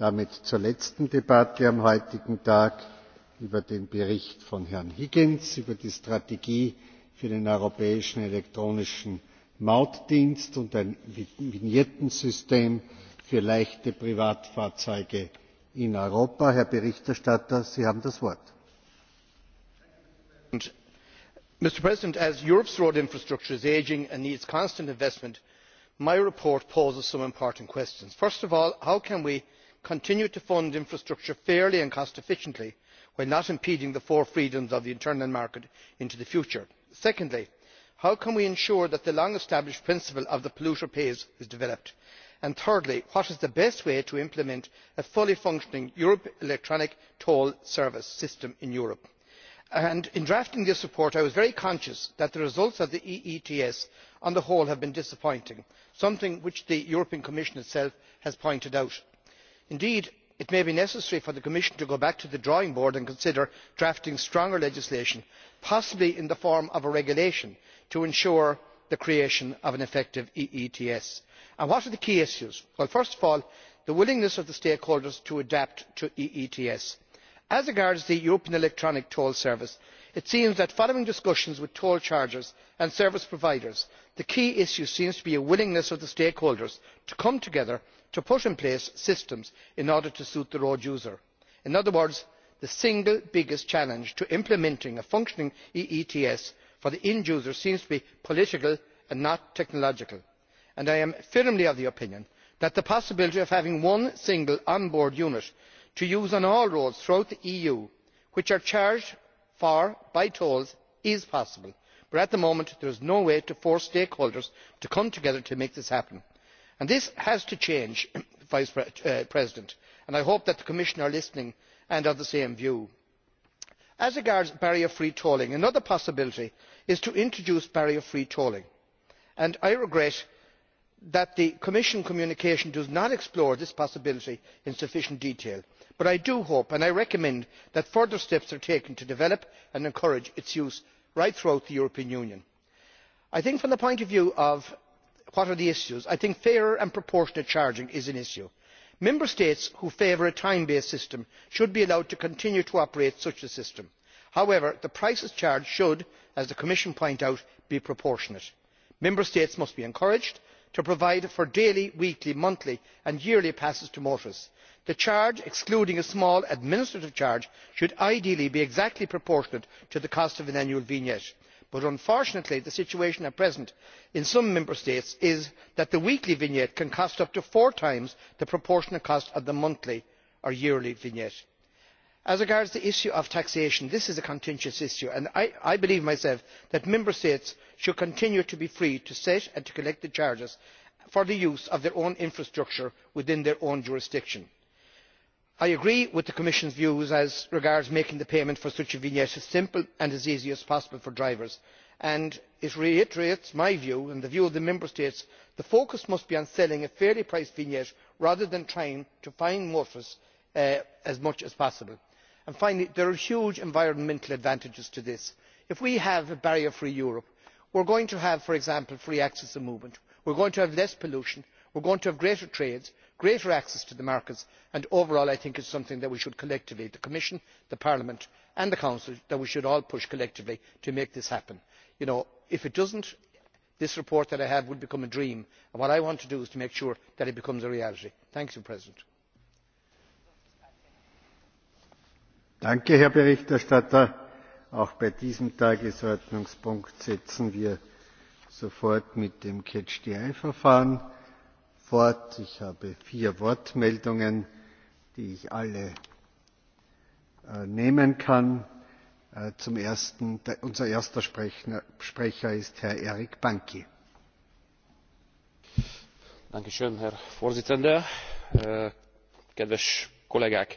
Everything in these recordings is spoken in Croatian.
damit zur letzten debatte am heutigen tag über den bericht von herrn higgins über die strategie für den europäischen elektronischen mautdienst und ein vignettensystem für leichte privatfahrzeuge in europa. herr berichterstatter sie haben das wort. mr president as europe's road infrastructure is aging and needs constant investment my report poses some important questions. first of all how can we continue to fund infrastructure fairly and cost efficiently while not impeding the four freedoms of the internal market into the future? secondly how can we ensure that the long established principle of the polluter pays' is developed? and thirdly what is the best way to implement a fully functioning electronic toll service system in europe? in drafting this report i was very conscious that the results of the eets on the whole have been disappointing something which the european commission itself has pointed out indeed it may be necessary for the commission to go back to the drawing board and consider drafting stronger legislation possibly in the form of a regulation to ensure the creation of an effective eets. what are the key issues? first of all the willingness of the stakeholders to adapt to eets. as regards the european electronic toll service it seems that following discussions with toll chargers and service providers the key issue seems to be a willingness of the stakeholders to come together to put in place systems in order to suit the road user. in other words the single biggest challenge to implementing a functioning eets for the end user seems to be political and not technological and i am firmly of the opinion that the possibility of having one single on board unit to use on all roads throughout the eu which are charged for by tolls is possible but at the moment there is no way to force stakeholders to come together to make this happen this has to change vice uh, president and i hope that the Commission is listening and of the same view. as regards barrier free tolling another possibility is to introduce barrier free tolling and i regret that the commission communication does not explore this possibility in sufficient detail but i do hope and i recommend that further steps are taken to develop and encourage its use right throughout the european union. i think from the point of view of what are the issues? i think fairer and proportionate charging is an issue. member states who favour a time based system should be allowed to continue to operate such a system. however the prices charged should as the commission points out be proportionate. member states must be encouraged to provide for daily weekly monthly and yearly passes to motorists. the charge excluding a small administrative charge should ideally be exactly proportionate to the cost of an annual vignette but unfortunately the situation at present in some member states is that the weekly vignette can cost up to four times the proportionate cost of the monthly or yearly vignette. as regards the issue of taxation this is a contentious issue and i believe myself that member states should continue to be free to set and to collect the charges for the use of their own infrastructure within their own jurisdiction i agree with the commission's views as regards making the payment for such a vignette as simple and as easy as possible for drivers and it reiterates my view and the view of the member states that the focus must be on selling a fairly priced vignette rather than trying to find motorists uh, as much as possible. finally there are huge environmental advantages to this. if we have a barrier free europe we are going to have for example free access of movement we are going to have less pollution we are going to have greater trades greater access to the markets and overall i think it is something that we should collectively the commission parliament and the council that we should all push collectively to make this happen. if it does not this report that i have will become a dream and what i want to do is to make sure that it becomes a reality. herr berichterstatter! auch bei diesem tagesordnungspunkt setzen wir sofort mit dem verfahren Wort. Ich habe vier Wortmeldungen, die ich alle äh, nehmen kann. Äh, zum ersten, unser erster Sprecher ist Herr Erik Banki. Dankeschön, Herr Vorsitzender. Äh, kedves kollégák!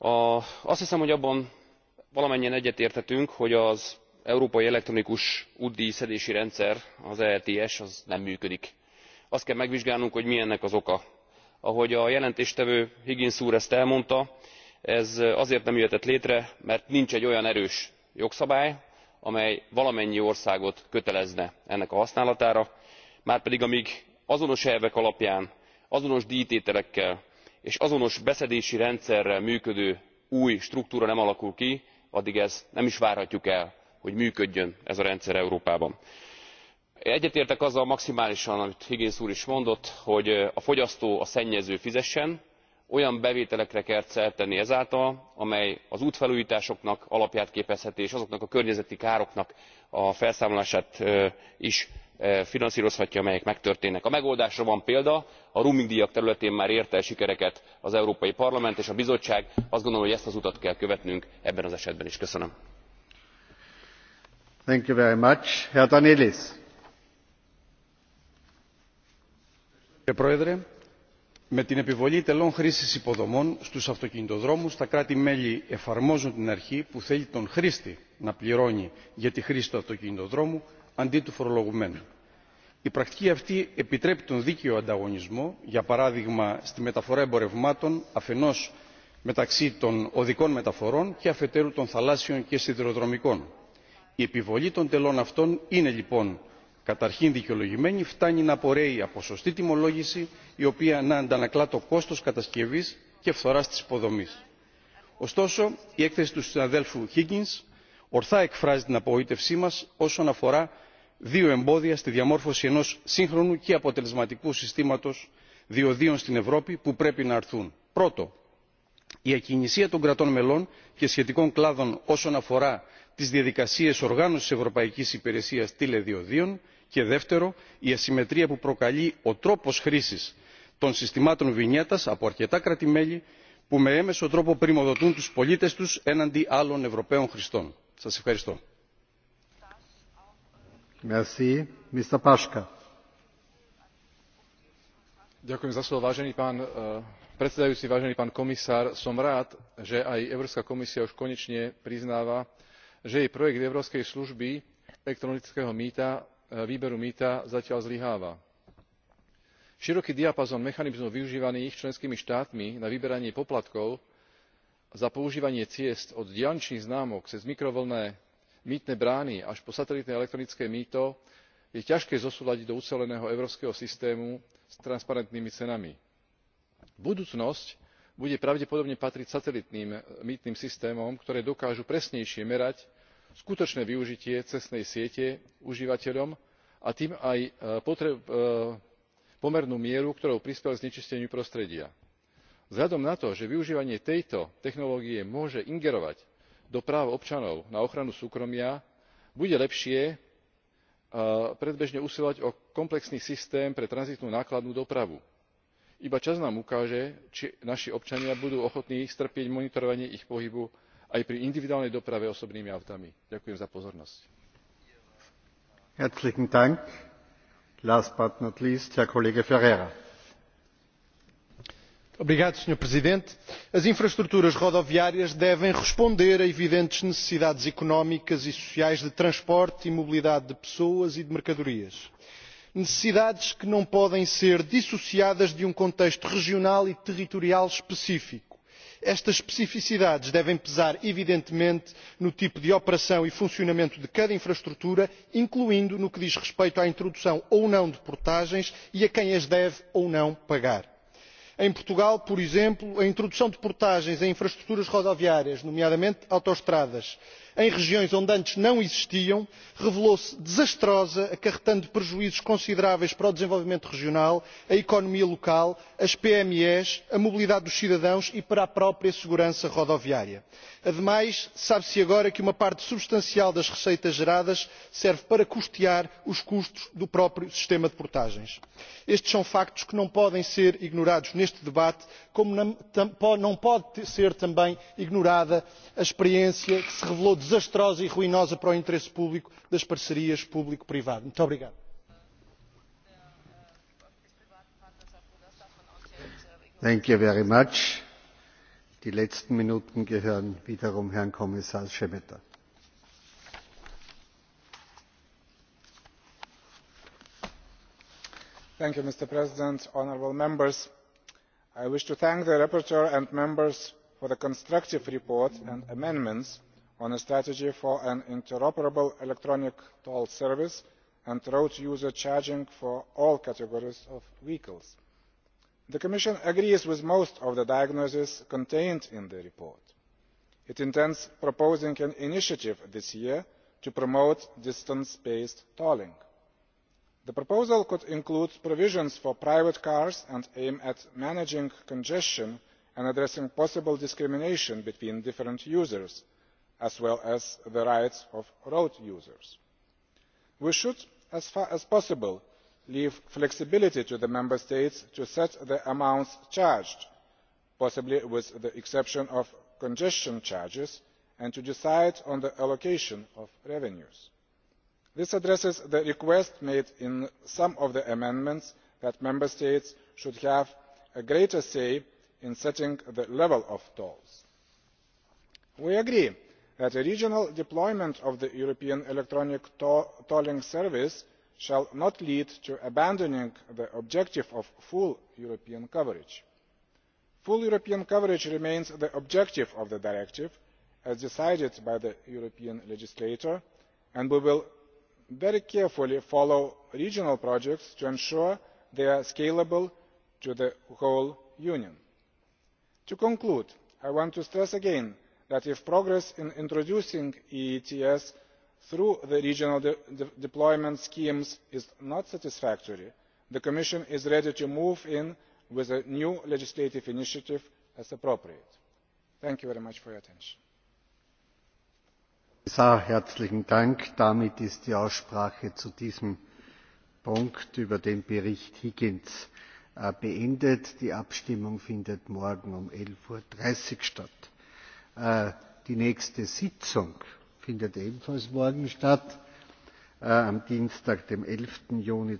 A, azt hiszem, hogy abban valamennyien egyetértetünk, hogy az európai elektronikus útdjszedési rendszer az ETS, az nem működik azt kell megvizsgálnunk hogy mi ennek az oka. ahogy a jelentéstevő higgins úr ezt elmondta ez azért nem jöhetett létre mert nincs egy olyan erős jogszabály amely valamennyi országot kötelezne ennek a használatára márpedig amg azonos elvek alapján azonos djtételekkel és azonos beszedési rendszerrel működő új struktúra nem alakul ki addig ezt nem is várhatjuk el hogy működjön ez a rendszer európában egyetértek azzal maximálisan amit higgins úr is mondott hogy a fogyasztó a szennyező fizessen olyan bevételekre kell szert tenni ezáltal amely az útfelújtásoknak alapját képezheti és azoknak a környezeti károknak a felszámolását is finanszrozhatja amelyek megtörténnek. a megoldásra van példa a djak területén már ért el sikereket az európai parlament és a bizottság azt gondolom hogy ezt az utat kell követnünk ebben az esetben is. köszönöm. κύριε πρόεδρε με την επιβολή τελών χρήσης υποδομών στους αυτοκινητοδρόμους τα κράτη μέλη εφαρμόζουν την αρχή που θέλει τον χρήστη να πληρώνει για τη χρήση του αυτοκινητοδρόμου αντί του φορολογουμένου. η πρακτική αυτή επιτρέπει τον δίκαιο ανταγωνισμό για παράδειγμα στη μεταφορά εμπορευμάτων αφενός μεταξύ των οδικών μεταφορών και αφετέρου των θαλάσσιων και σιδηροδρομικών. η επιβολή των τελών αυτών είναι λοιπόν καταρχήν δικαιολογημένη φτάνει να απορρέει από σωστή τιμολόγηση η οποία να αντανακλά το κόστος κατασκευής και φθορά τη υποδομή. ωστόσο η έκθεση του συναδέλφου higgins ορθά εκφράζει την απογοήτευσή μα όσον αφορά δύο εμπόδια στη διαμόρφωση ενό σύγχρονου και αποτελεσματικού συστήματο διοδίων στην ευρώπη που πρέπει να αρθούν. Πρώτον, η ακινησία των κρατών μελών και σχετικών κλάδων όσον αφορά τι διαδικασίε οργάνωση ευρωπαϊκή υπηρεσία τηλεδιοδίων και δεύτερο η ασυμμετρία που προκαλεί ο τρόπο χρήση των συστημάτων βινιέτας από αρκετά κράτη μέλη που με έμεσο τρόπο πρημοδοτούν του πολίτε του έναντι άλλων ευρωπαίων χρηστών. Σα ευχαριστώ že jej projekt európskej služby elektronického e, výberu mýta zatiaľ zlyháva. široký diapazón mechanizmov využívaných členskými štátmi na vyberanie poplatkov za používanie ciest od diaľničných známok cez mikrovlnné mýtne brány až po satelitné elektronické mýto je ťažké zosúladiť do uceleného európskeho systému s transparentnými cenami. budúcnosť bude pravdepodobne patriť satelitným eh, mýtnym systémom ktoré dokážu presnejšie merať skutočné využitie cestnej siete užívateľom a tým aj eh, eh, pomernú mieru ktorou prispel k znečisteniu prostredia. vzhľadom na to že využívanie tejto technológie môže ingerovať do práv občanov na ochranu súkromia bude lepšie predbežne usilovať o komplexný systém pre tranzitnú nákladnú dopravu iba čas nám ukáže či naši občania budú ochotní strpieť monitorovanie ich pohybu aj pri individuálnej doprave osobnými autami. ďakujem za pozornosť. senhor presidente as infraestruturas rodoviárias devem responder a evidentes necessidades económicas e sociais de transporte e mobilidade de pessoas e de mercadorias necessidades que não podem ser dissociadas de um contexto regional e territorial específico. estas especificidades devem pesar evidentemente no tipo de operação e funcionamento de cada infraestrutura incluindo no que diz respeito à introdução ou não de portagens e a quem as deve ou não pagar. em portugal por exemplo a introdução de portagens em infraestruturas rodoviárias nomeadamente autoestradas em regiões onde antes não existiam revelou se desastrosa acarretando prejuízos consideráveis para o desenvolvimento regional a economia local as pme a mobilidade dos cidadãos e para a própria segurança rodoviária. ademais sabe se agora que uma parte substancial das receitas geradas serve para custear os custos do próprio sistema de portagens. estes são factos que não podem ser ignorados neste debate como não pode ser também ignorada a experiência que se revelou desastrosa e ruinosa para o interesse público das parcerias público privado. muito obrigado. Thank you very much. Die letzten Minuten gehören wiederum Herrn Kommissar Schemeter. Thank you, Mr. President, honourable members. I wish to thank the rapporteur and members for the constructive report and amendments on a strategy for an interoperable electronic toll service and road user charging for all categories of vehicles. the commission agrees with most of the diagnoses contained in the report. it intends proposing an initiative this year to promote distance based tolling. the proposal could include provisions for private cars and aim at managing congestion and addressing possible discrimination between different users as well as the rights of road users. we should as far as possible leave flexibility to the member states to set the amounts charged possibly with the exception of congestion charges and to decide on the allocation of revenues. this addresses the request made in some of the amendments that member states should have a greater say in setting the level of tolls. we agree that the regional deployment of the european electronic tolling service shall not lead to abandoning the objective of full european coverage. full european coverage remains the objective of the directive as decided by the european legislator and we will very carefully follow regional projects to ensure they are scalable to the whole union. to conclude i want to stress again that if progress in introducing eets through the regional deployment schemes is not satisfactory the commission is ready to move in with a new legislative initiative as appropriate. thank you very much for your attention. die abstimmung findet morgen um. elf statt. Äh, die nächste sitzung findet ebenfalls morgen statt äh, am dienstag dem. elf juni.